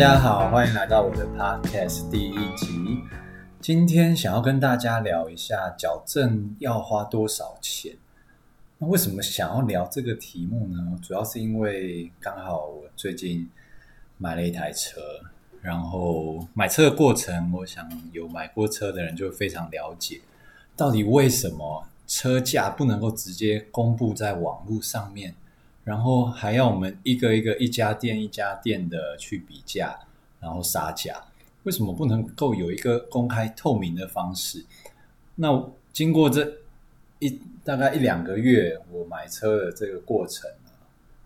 大家好，歡迎來到我的 podcast 第一集。今天想要跟大家聊一下矯正要花多少錢。那為什麼想要聊這個題目呢？主要是因為剛好我最近買了一台車，然後買車的過程，我想有買過車的人就非常了解，到底為什麼車價不能夠直接公布在網路上面？然後還要我們一個一個一家店一家店的去比價，然後殺價。為什麼不能夠有一個公開透明的方式？那經過這一大概一兩個月我買車的這個過程，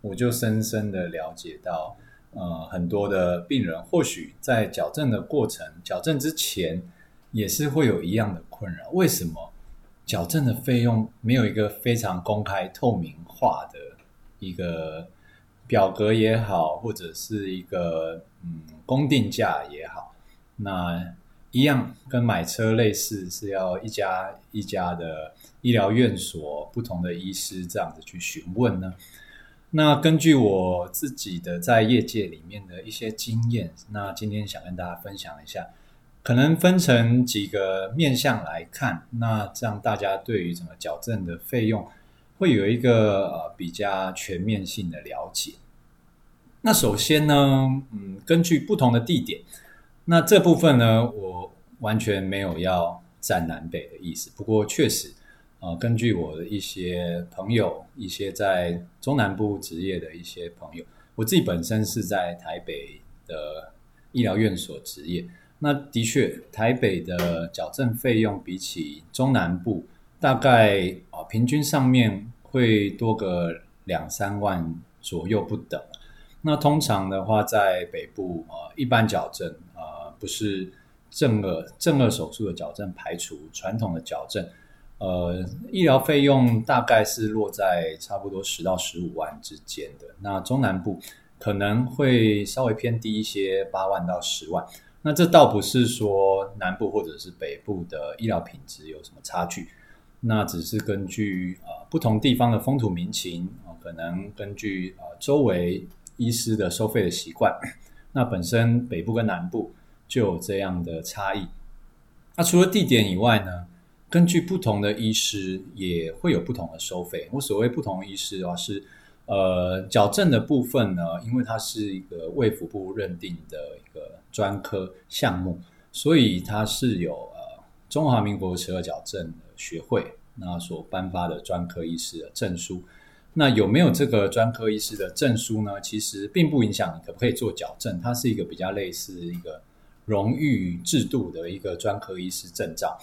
我就深深的了解到，呃，很多的病人或許在矯正的過程，矯正之前也是會有一樣的困擾。為什麼矯正的費用沒有一個非常公開透明化的？一個表格也好，或者是一個嗯公定價也好，那一樣跟買車類似，是要一家一家的醫療院所，不同的醫師這樣子去詢問呢？那根據我自己的在業界裡面的一些經驗，那今天想跟大家分享一下，可能分成幾個面向來看，那這樣大家對於整個矯正的費用，會有一個呃比較全面性的了解。那首先呢，嗯，根據不同的地點，那這部分呢，我完全沒有要戰南北的意思。不過確實，呃，根據我的一些朋友，一些在中南部執業的一些朋友，我自己本身是在台北的醫療院所執業。那的確，台北的矯正費用比起中南部。大概啊，平均上面會多個兩三萬左右不等。那通常的話，在北部啊，一般矯正啊，不是正顎正顎手術的矯正，排除傳統的矯正，呃，醫療費用大概是落在差不多十到十五萬之間的。那中南部可能會稍微偏低一些，八萬到十萬。那這倒不是說南部或者是北部的醫療品質有什麼差距。那只是根據啊、呃、不同地方的風土民情啊、呃，可能根據啊、呃、周圍醫師的收費的習慣，那本身北部跟南部就有這樣的差異。那、啊、除了地點以外呢，根據不同的醫師也會有不同的收費。我所謂不同的醫師啊，是呃矯正的部分呢，因為它是一個衛福部認定的一個專科項目，所以它是有呃中華民國的齒顎矯正的。學會那所頒發的專科醫師的證書，那有沒有這個專科醫師的證書呢？其實並不影響你可不可以做矯正，它是一個比較類似一個榮譽制度的一個專科醫師證照。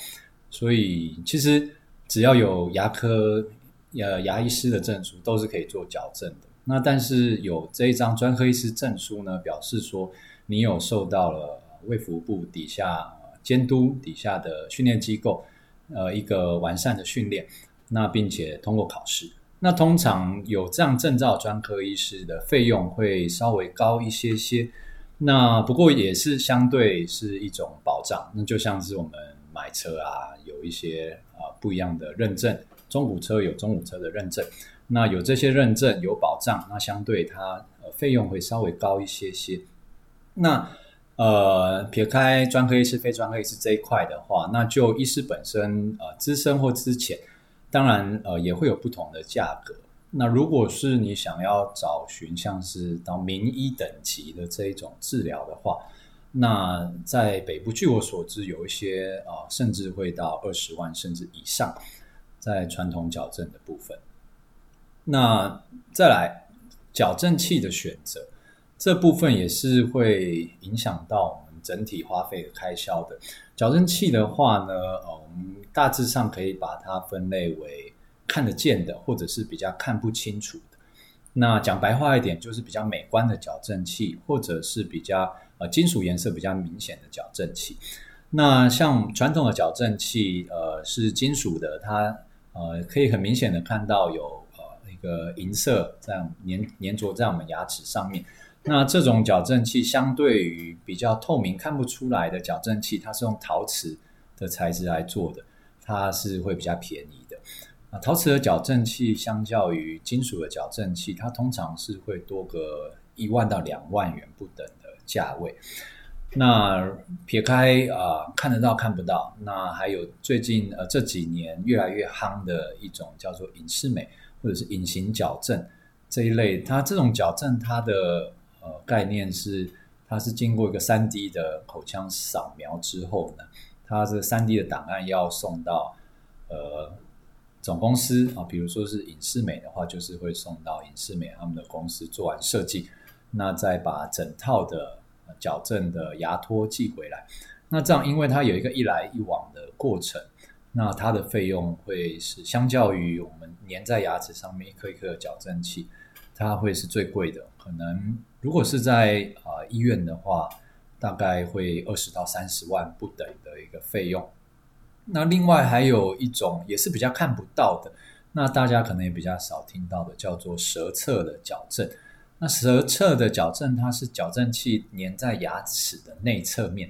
所以其實只要有牙科牙醫師的證書，都是可以做矯正的。那但是有這一張專科醫師證書呢，表示說你有受到了衛福部底下監督底下的訓練機構。呃，一個完善的訓練，那並且通過考試，那通常有這樣證照專科醫師的費用會稍微高一些些，那不過也是相對是一種保障，那就像是我們買車啊，有一些啊、呃、不一樣的認證，中古車有中古車的認證，那有這些認證有保障，那相對它呃費用會稍微高一些些，那。呃，撇開專科醫師、非專科醫師這一塊的話，那就醫師本身，呃，資深或資淺，當然，呃，也會有不同的價格。那如果是你想要找尋像是到名醫等級的這一種治療的話，那在北部，據我所知，有一些啊、呃，甚至會到二十萬甚至以上，在傳統矯正的部分。那再來，矯正器的選擇。這部分也是會影響到我們整體花費的開銷的。矯正器的話呢，嗯，我們大致上可以把它分類為看得見的，或者是比較看不清楚的。那講白話一點，就是比較美觀的矯正器，或者是比較呃金屬顏色比較明顯的矯正器。那像傳統的矯正器，呃，是金屬的，它呃可以很明顯的看到有呃那個銀色這樣粘粘着在我們牙齒上面。那這種矯正器相對於比較透明看不出來的矯正器，它是用陶瓷的材質來做的，它是會比較便宜的。啊，陶瓷的矯正器相較於金屬的矯正器，它通常是會多個一萬到兩萬元不等的價位。那撇開啊、呃、看得到看不到，那還有最近呃這幾年越來越夯的一種叫做隱適美或者是隱形矯正這一類，它這種矯正它的。概念是，它是經過一個三 D 的口腔掃描之後呢，它這三 D 的檔案要送到呃總公司啊，比如說是隱適美的話，就是會送到隱適美他們的公司做完設計，那再把整套的矯正的牙托寄回來。那這樣因為它有一個一來一往的過程，那它的費用會是相較於我們粘在牙齒上面一顆一顆的矯正器。它會是最貴的，可能如果是在啊、呃、醫院的話，大概會二十到三十萬不等的一個費用。那另外還有一種也是比較看不到的，那大家可能也比較少聽到的，叫做舌側的矯正。那舌側的矯正，它是矯正器粘在牙齒的內側面。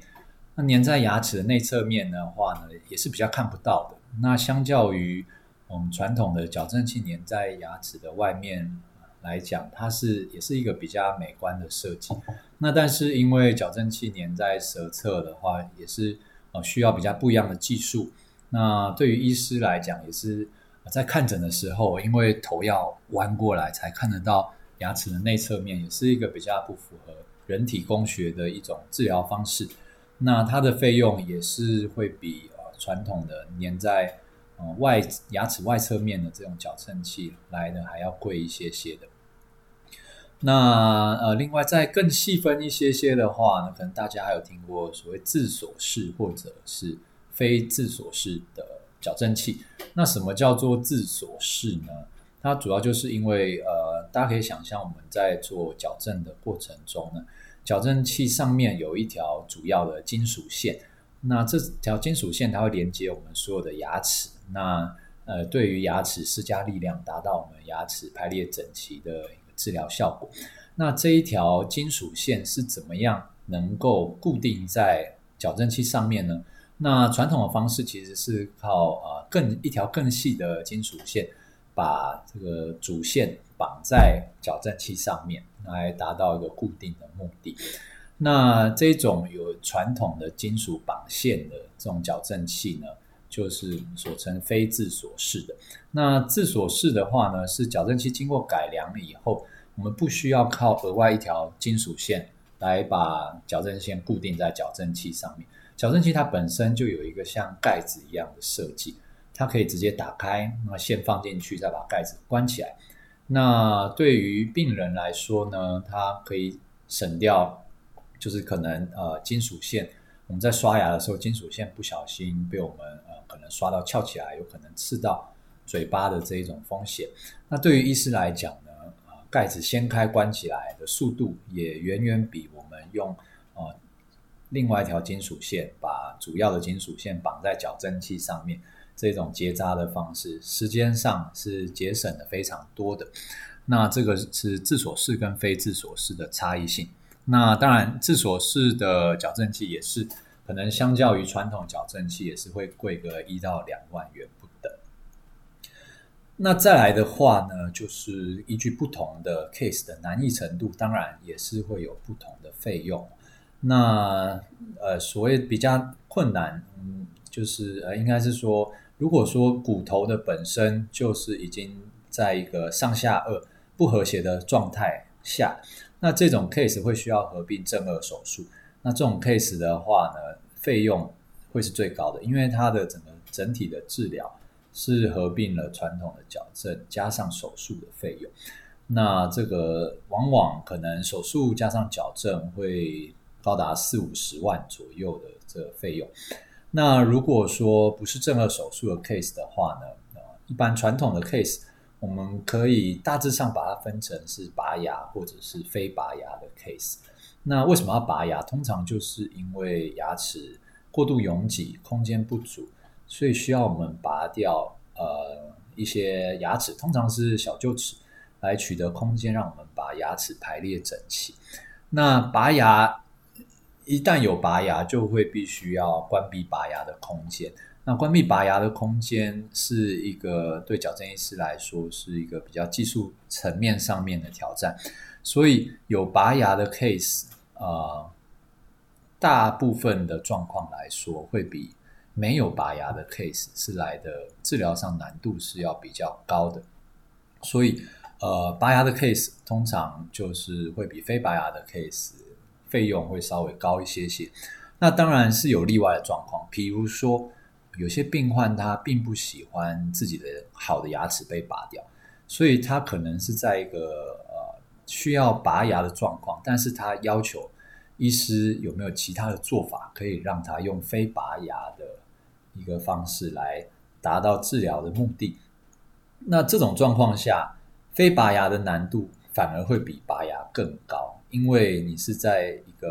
那粘在牙齒的內側面的話呢，也是比較看不到的。那相較於我們傳統的矯正器粘在牙齒的外面。來講，它是也是一個比較美觀的設計。那但是因為矯正器粘在舌側的話，也是呃需要比較不一樣的技術。那對於醫師來講，也是在看診的時候，因為頭要彎過來才看得到牙齒的內側面，也是一個比較不符合人體工學的一種治療方式。那它的費用也是會比呃傳統的粘在呃外，牙齒外側面的這種矯正器來的還要貴一些些的。那呃，另外再更細分一些些的話呢，可能大家還有聽過所謂自鎖式或者是非自鎖式的矯正器。那什麼叫做自鎖式呢？它主要就是因為呃，大家可以想象我們在做矯正的過程中呢，矯正器上面有一條主要的金屬線，那這條金屬線它會連接我們所有的牙齒，那呃，對於牙齒施加力量，達到我們牙齒排列整齊的治療效果。那這一條金屬線是怎麼樣能夠固定在矯正器上面呢？那傳統的方式其實是靠啊，更一條更細的金屬線，把這個主線綁在矯正器上面，來達到一個固定的目的。那這種有傳統的金屬綁線的這種矯正器呢，就是我們所稱非自鎖式的。那自鎖式的話呢，是矯正器經過改良以後，我們不需要靠額外一條金屬線來把矯正線固定在矯正器上面。矯正器它本身就有一個像蓋子一樣的設計，它可以直接打開，那麼線放進去，再把蓋子關起來。那對於病人來說呢，它可以省掉，就是可能呃金屬線，我們在刷牙的時候，金屬線不小心被我們可能刷到翹起來，有可能刺到嘴巴的這一種風險。那對於醫師來講呢，呃，蓋子掀開關起來的速度也遠遠比我們用呃另外一條金屬線把主要的金屬線綁在矯正器上面這種結紮的方式，時間上是節省了非常多的。那這個是自鎖式跟非自鎖式的差異性。那當然，自鎖式的矯正器也是。可能相較於傳統矯正器，也是會貴個一到兩萬元不等。那再來的話呢，就是依據不同的 case 的難易程度，當然也是會有不同的費用。那呃，所謂比較困難，嗯，就是呃，應該是說，如果說骨頭的本身就是已經在一個上下顎不和諧的狀態下，那這種 case 會需要合併正顎手術。那這種 case 的話呢，費用會是最高的，因為它的整個整體的治療是合併了傳統的矯正加上手術的費用。那這個往往可能手術加上矯正會高達四五十萬左右的這個費用。那如果說不是正頜手術的 case 的話呢，一般傳統的 case 我們可以大致上把它分成是拔牙或者是非拔牙的 case。那為什麼要拔牙？通常就是因為牙齒過度擁擠，空間不足，所以需要我們拔掉呃一些牙齒，通常是小臼齒，來取得空間，讓我們把牙齒排列整齊。那拔牙一旦有拔牙，就會必須要關閉拔牙的空間。那關閉拔牙的空間，是一個對矯正醫師來說，是一個比較技術層面上面的挑戰，所以有拔牙的 case 呃，大部分的狀況來說，會比沒有拔牙的 case 是來的治療上難度是要比較高的，所以呃，拔牙的 case 通常就是會比非拔牙的 case 費用會稍微高一些些。那當然是有例外的狀況，比如說。有些病患他並不喜歡自己的好的牙齒被拔掉，所以他可能是在一個呃需要拔牙的狀況，但是他要求醫師有沒有其他的做法，可以讓他用非拔牙的一個方式來達到治療的目的。那這種狀況下，非拔牙的難度反而會比拔牙更高，因為你是在一個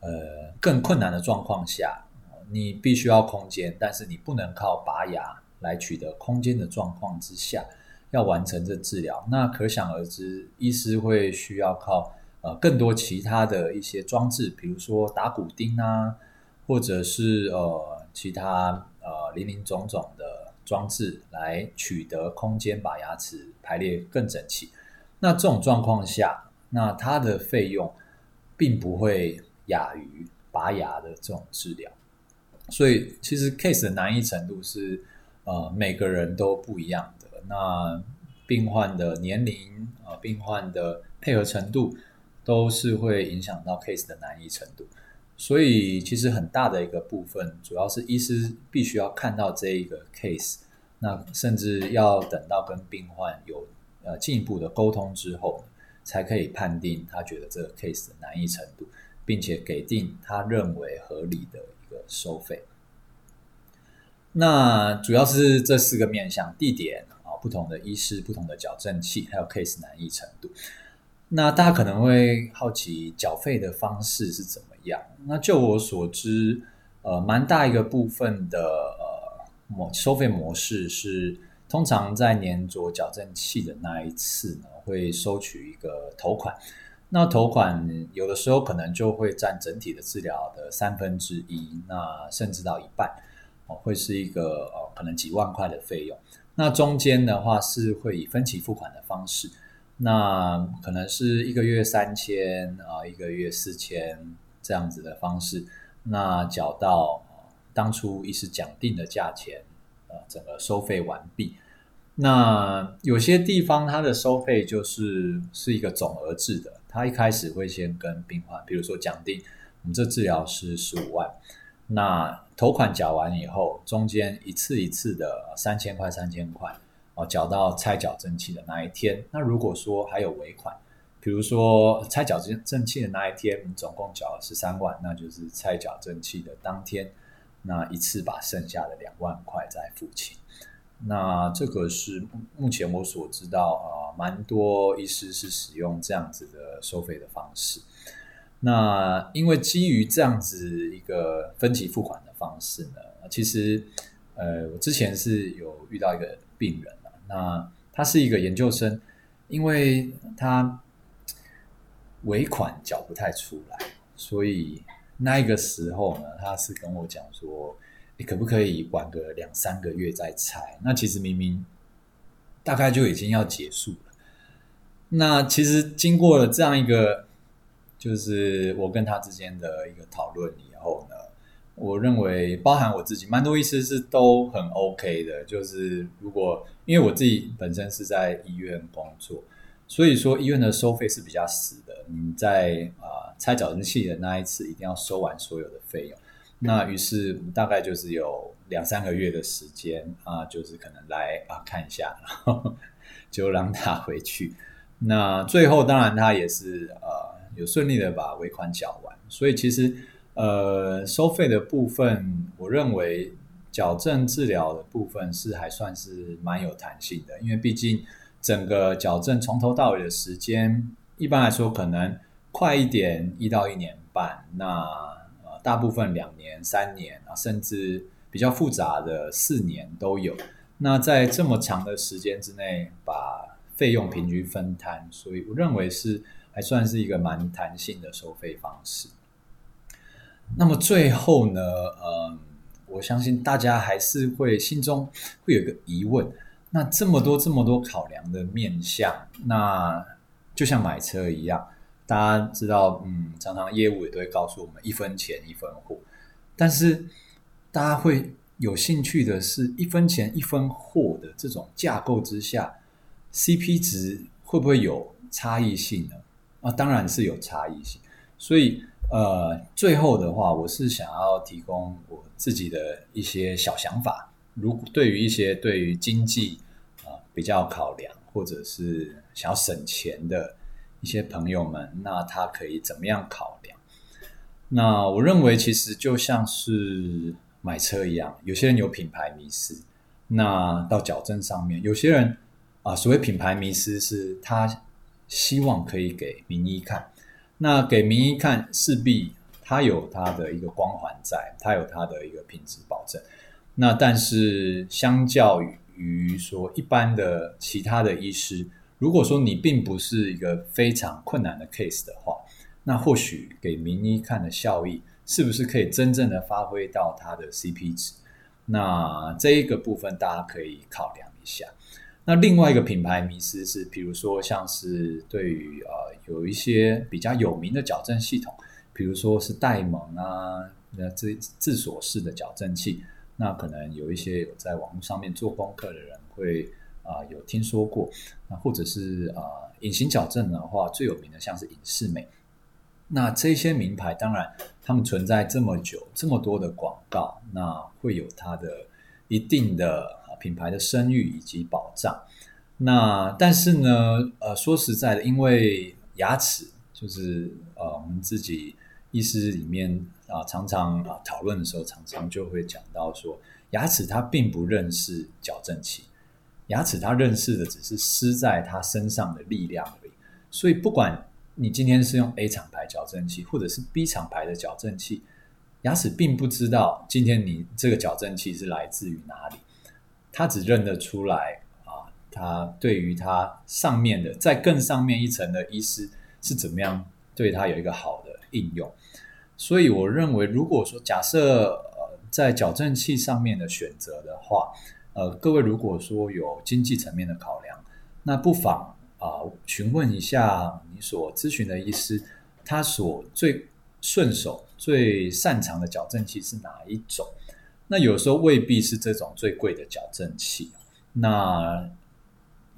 呃更困難的狀況下。你必須要空間，但是你不能靠拔牙來取得空間的狀況之下，要完成這治療，那可想而知，醫師會需要靠呃更多其他的一些裝置，比如說打骨釘啊，或者是呃其他呃林林總總的裝置來取得空間，把牙齒排列更整齊。那這種狀況下，那它的費用並不會亞於拔牙的這種治療。所以，其實 case 的難易程度是，呃，每個人都不一樣的。那病患的年齡，呃，病患的配合程度，都是會影響到 case 的難易程度。所以，其實很大的一個部分，主要是醫師必須要看到這一個 case，那甚至要等到跟病患有呃進一步的溝通之後，才可以判定他覺得這個 case 的難易程度，並且給定他認為合理的。收費，那主要是這四個面向：地點啊，不同的醫師、不同的矯正器，還有 case 難易程度。那大家可能會好奇繳費的方式是怎麼樣？那就我所知，呃，蠻大一個部分的呃模收費模式是，通常在黏著矯正器的那一次呢，會收取一個頭款。那頭款有的時候可能就會佔整體的治療的三分之一，那甚至到一半哦，會是一個呃可能幾萬塊的費用。那中間的話是會以分期付款的方式，那可能是一個月三千啊，一個月四千這樣子的方式，那繳到當初醫師講定的價錢，呃，整個收費完畢。那有些地方它的收費就是是一個總額制的。他一開始會先跟病患，比如說講定，我們這治療是十五萬，那頭款繳完以後，中間一次一次的三千塊三千塊，哦，繳到拆矯正器的那一天，那如果說還有尾款，比如說拆矯正正器的那一天，我們總共繳了十三萬，那就是拆矯正器的當天，那一次把剩下的兩萬塊再付清。那這個是目前我所知道啊，蠻多醫師是使用這樣子的收費的方式。那因為基於這樣子一個分期付款的方式呢，其實呃，我之前是有遇到一個病人，那他是一個研究生，因為他尾款繳不太出來，所以那一個時候呢，他是跟我講說，你可不可以晚個兩三個月再拆？那其實明明大概就已經要結束了。那其實經過了這樣一個，就是我跟他之間的一個討論以後呢，我認為包含我自己，蠻多醫師是都很 OK 的。就是如果因為我自己本身是在醫院工作，所以說醫院的收費是比較死的。你在啊、呃、拆矯正器的那一次，一定要收完所有的費用。那於是大概就是有兩三個月的時間啊、呃，就是可能來啊看一下，然後就讓他回去。那最後當然他也是呃有順利的把尾款繳完，所以其實呃收費的部分，我認為矯正治療的部分是還算是蠻有彈性的，因為畢竟整個矯正從頭到尾的時間，一般來說可能快一點一到一年半那，大部分兩年、三年啊，甚至比較複雜的四年都有。那在這麼長的時間之內，把費用平均分攤，所以我認為是還算是一個蠻彈性的收費方式。那麼最後呢，嗯，我相信大家還是會心中會有個疑問。那這麼多、這麼多考量的面向，那就像買車一樣。大家知道，嗯，常常業務也都會告訴我們“一分錢一分貨”，但是大家會有興趣的是一分錢一分貨的這種架構之下，CP 值會不會有差異性呢？啊，當然是有差異性。所以，呃，最後的話，我是想要提供我自己的一些小想法。如果對於一些對於經濟啊，呃，比較考量，或者是想要省錢的。一些朋友們，那他可以怎麼樣考量？那我認為，其實就像是買車一樣，有些人有品牌迷思。那到矯正上面，有些人啊、呃，所謂品牌迷思，是他希望可以給名醫看。那給名醫看，勢必他有他的一個光環在，在他有他的一個品質保證。那但是，相較於，於說一般的其他的醫師。如果說你並不是一個非常困難的 case 的話，那或許給名醫看的效益是不是可以真正的發揮到它的 CP 值？那這一個部分大家可以考量一下。那另外一個品牌迷思是，比如說像是對於呃，有一些比較有名的矯正系統，比如說是戴蒙啊，那自自鎖式的矯正器，那可能有一些有在網絡上面做功課的人會。啊、呃，有聽說過，那或者是啊、呃，隱形矯正的話，最有名的像是隱適美。那這些名牌，當然他們存在這麼久，這麼多的廣告，那會有它的一定的品牌的聲譽以及保障。那但是呢，呃，說實在的，因為牙齒就是呃，我們自己醫師裡面啊、呃，常常啊、呃、討論的時候，常常就會講到說，牙齒它並不認識矯正器。牙齒它認識的只是施在它身上的力量而已，所以不管你今天是用 A 廠牌矯正器，或者是 B 廠牌的矯正器，牙齒並不知道今天你這個矯正器是來自於哪裡，它只認得出來啊，它對於它上面的，在更上面一層的醫師是怎麼樣對它有一個好的應用。所以我認為，如果說假設呃在矯正器上面的選擇的話。呃，各位如果說有經濟層面的考量，那不妨啊、呃、詢問一下你所諮詢的醫師，他所最順手、最擅長的矯正器是哪一種？那有時候未必是這種最貴的矯正器。那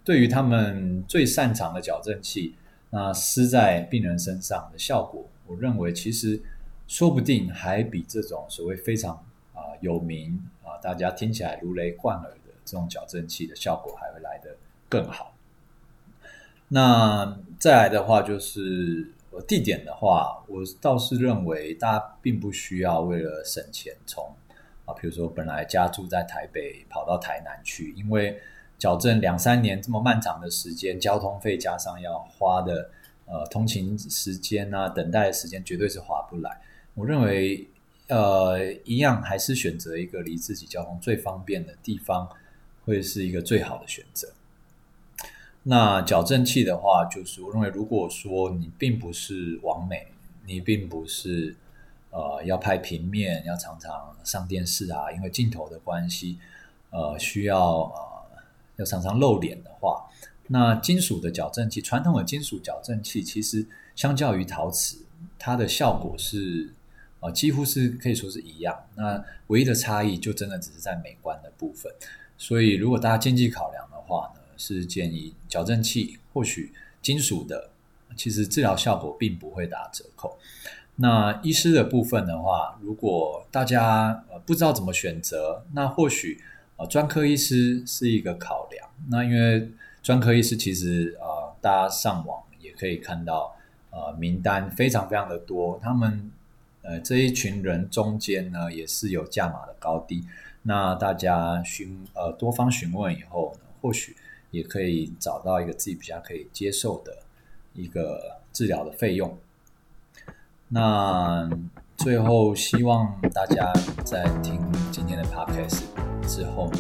對於他們最擅長的矯正器，那施在病人身上的效果，我認為其實說不定還比這種所謂非常啊、呃、有名。大家聽起來如雷貫耳的這種矯正器的效果還會來得更好。那再來的話，就是呃地點的話，我倒是認為大家並不需要為了省錢從啊，比如說本來家住在台北跑到台南去，因為矯正兩三年這麼漫長的時間，交通費加上要花的呃通勤時間吶、啊，等待的時間絕對是划不來。我認為。呃，一樣還是選擇一個離自己交通最方便的地方，會是一個最好的選擇。那矯正器的話，就是我認為，如果說你並不是網美，你並不是呃要拍平面，要常常上電視啊，因為鏡頭的關係，呃，需要呃要常常露臉的話，那金屬的矯正器，傳統的金屬矯正器，其實相較於陶瓷，它的效果是。啊，幾乎是可以說是一樣。那唯一的差異就真的只是在美觀的部分。所以，如果大家經濟考量的話呢，是建議矯正器或許金屬的，其實治療效果並不會打折扣。那醫師的部分的話，如果大家呃不知道怎麼選擇，那或許呃專科醫師是一個考量。那因為專科醫師其實呃，大家上網也可以看到呃，名單非常非常的多，他們。呃，這一群人中間呢，也是有價碼的高低。那大家詢呃多方詢問以後呢，或許也可以找到一個自己比較可以接受的一個治療的費用。那最後希望大家在聽今天的 Podcast 之後呢，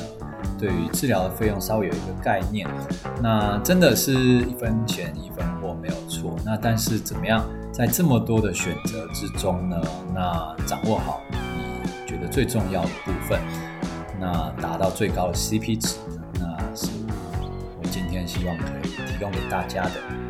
對於治療的費用稍微有一個概念。那真的是一分錢一分貨，沒有錯。那但是怎麼樣？在這麼多的選擇之中呢，那掌握好你覺得最重要的部分，那達到最高的 CP 值，那是我今天希望可以提供給大家的。